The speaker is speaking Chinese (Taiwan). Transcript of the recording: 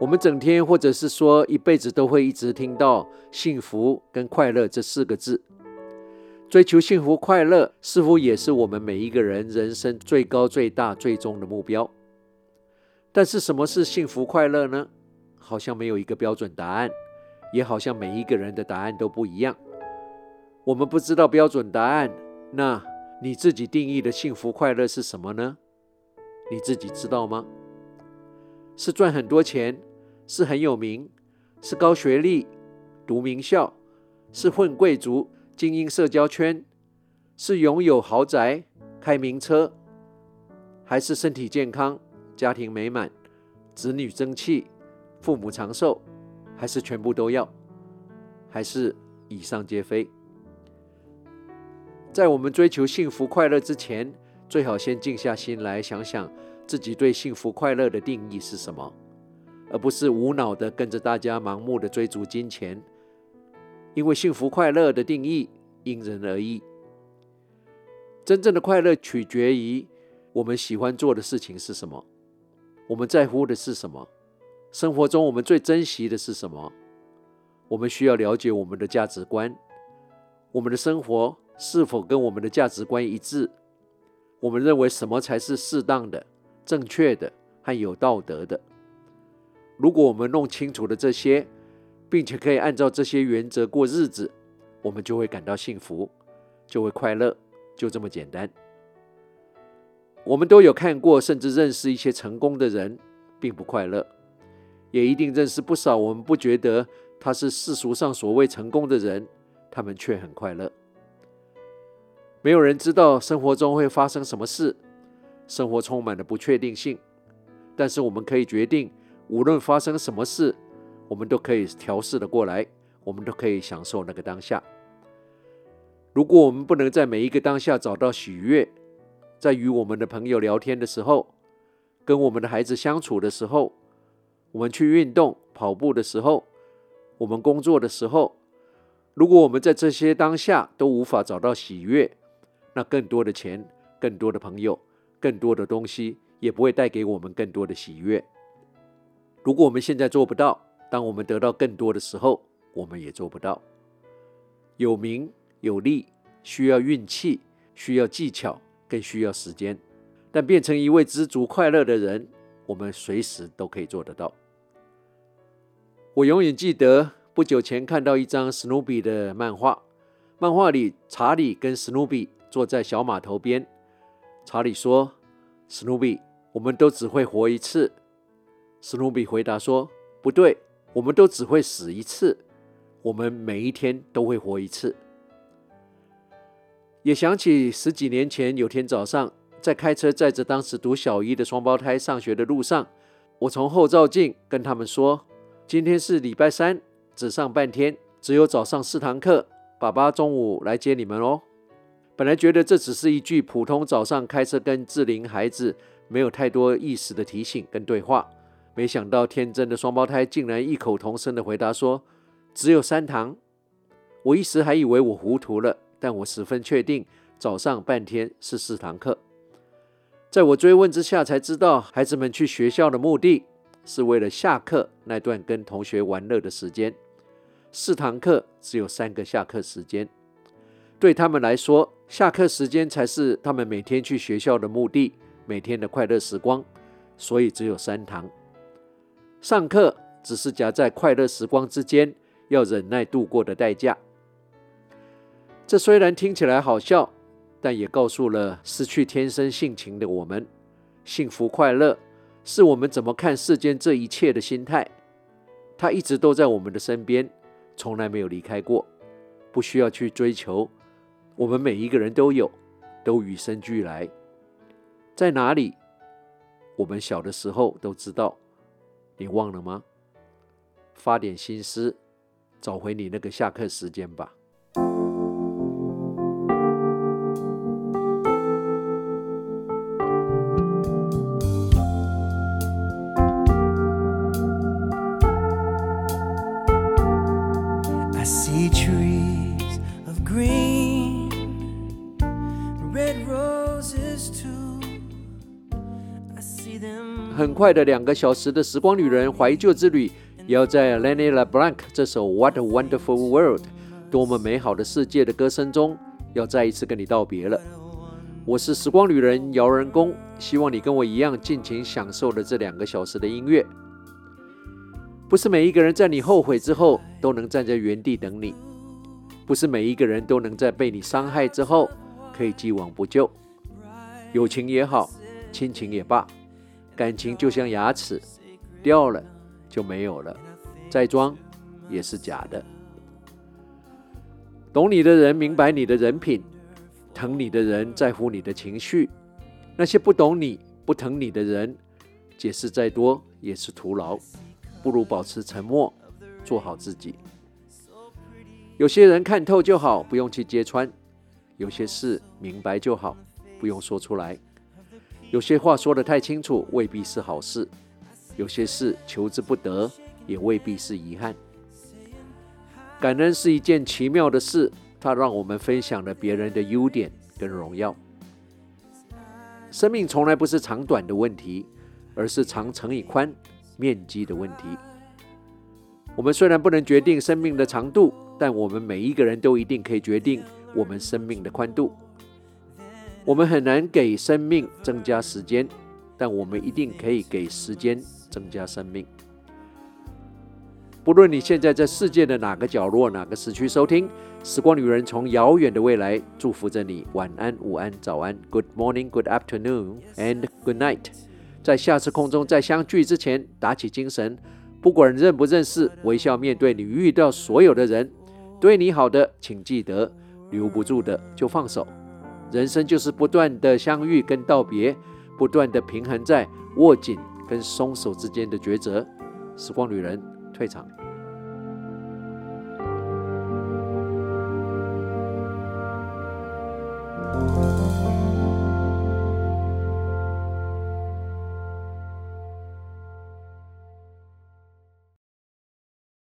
我們整天，或者是說一輩子，都會一直聽到“幸福”跟“快樂”這四個字，追求幸福快樂，似乎也是我們每一個人人生最高、最大、最終的目標。但是，什麼是幸福快樂呢？好像沒有一個標準答案，也好像每一個人的答案都不一樣。我們不知道標準答案，那你自己定義的幸福快樂是什麼呢？你自己知道嗎？是賺很多錢，是很有名，是高學歷，讀名校，是混貴族精英社交圈，是擁有豪宅、開名車，還是身體健康、家庭美滿、子女爭氣、父母長壽，還是全部都要，還是以上皆非？在我們追求幸福快樂之前，最好先靜下心來想想自己對幸福快樂的定義是什麼。而不是無腦的跟着大家盲目的追逐金錢，因為幸福快樂的定義因人而異。真正的快樂取決於我們喜歡做的事情是什麼，我們在乎的是什麼，生活中我們最珍惜的是什麼。我們需要了解我們的價值觀，我們的生活是否跟我們的價值觀一致？我們認為什麼才是適當的、正確的和有道德的？如果我們弄清楚了這些，並且可以按照這些原則過日子，我們就會感到幸福，就會快樂，就這麼簡單。我們都有看過，甚至認識一些成功的人，並不快樂；也一定認識不少我們不覺得他是世俗上所謂成功的人，他們卻很快樂。沒有人知道生活中會發生什麼事，生活充滿了不確定性，但是我們可以決定。無論發生什麼事，我們都可以調適的過來，我們都可以享受那個當下。如果我們不能在每一個當下找到喜悅，在與我們的朋友聊天的時候，跟我們的孩子相處的時候，我們去運動跑步的時候，我們工作的時候，如果我們在這些當下都無法找到喜悅，那更多的錢、更多的朋友、更多的東西，也不會帶給我們更多的喜悅。如果我們現在做不到，當我們得到更多的時候，我們也做不到。有名有利需要運氣，需要技巧，更需要時間。但變成一位知足快樂的人，我們隨時都可以做得到。我永遠記得不久前看到一張史努比的漫畫，漫畫裡查理跟史努比坐在小碼頭邊。查理說：“史努比，我們都只會活一次。”史努比回答說：“不對，我們都只會死一次，我們每一天都會活一次。”也想起十幾年前有天早上，在開車載着當時讀小一的雙胞胎上學的路上，我從後照鏡跟他們說：“今天是禮拜三，只上半天，只有早上四堂課，爸爸中午來接你們哦。”本來覺得這只是一句普通早上開車跟稚齡孩子沒有太多意思的提醒跟對話。沒想到天真的雙胞胎竟然異口同聲的回答說：“只有三堂。”我一時還以為我糊塗了，但我十分確定早上半天是四堂課。在我追問之下，才知道孩子們去學校的目的是為了下課那段跟同學玩樂的時間。四堂課只有三個下課時間，對他們來說，下課時間才是他們每天去學校的目的，每天的快樂時光。所以只有三堂。上課只是夾在快樂時光之間要忍耐度過的代價。這雖然聽起來好笑，但也告訴了失去天生性情的我們，幸福快樂是我們怎麼看世間這一切的心態。它一直都在我們的身邊，從來沒有離開過，不需要去追求。我們每一個人都有，都與生俱來。在哪裡？我們小的時候都知道。你忘了嗎？發點心思，找回你那個下課時間吧。很快的兩個小時的時光，旅人懷舊之旅，也要在 Lenny LeBlanc 這首 What a Wonderful World 多麼美好的世界的歌聲中，要再一次跟你道別了。我是時光旅人姚仁工，希望你跟我一樣盡情享受着這兩個小時的音樂。不是每一個人在你後悔之後都能站在原地等你，不是每一個人都能在被你傷害之後可以既往不咎，友情也好，親情也罷。感情就像牙齒，掉了就沒有了，再裝也是假的。懂你的人明白你的人品，疼你的人在乎你的情緒。那些不懂你不疼你的人，解釋再多也是徒勞，不如保持沉默，做好自己。有些人看透就好，不用去揭穿；有些事明白就好，不用說出來。有些話說得太清楚，未必是好事；有些事求之不得，也未必是遺憾。感恩是一件奇妙的事，它讓我們分享了別人的優點跟榮耀。生命從來不是長短的問題，而是長乘以寬面積的問題。我們雖然不能決定生命的長度，但我們每一個人都一定可以決定我們生命的寬度。我們很難給生命增加時間，但我們一定可以給時間增加生命。不論你現在在世界的哪個角落、哪個時區收聽《時光旅人》，從遙遠的未來祝福着你。晚安、午安、早安，Good morning, Good afternoon, and Good night。在下次空中再相聚之前，打起精神。不管認不認識，微笑面對你遇到所有的人。對你好的，請記得留不住的就放手。人生就是不斷的相遇跟道別，不斷的平衡在握緊跟鬆手之間的抉擇。時光旅人退場。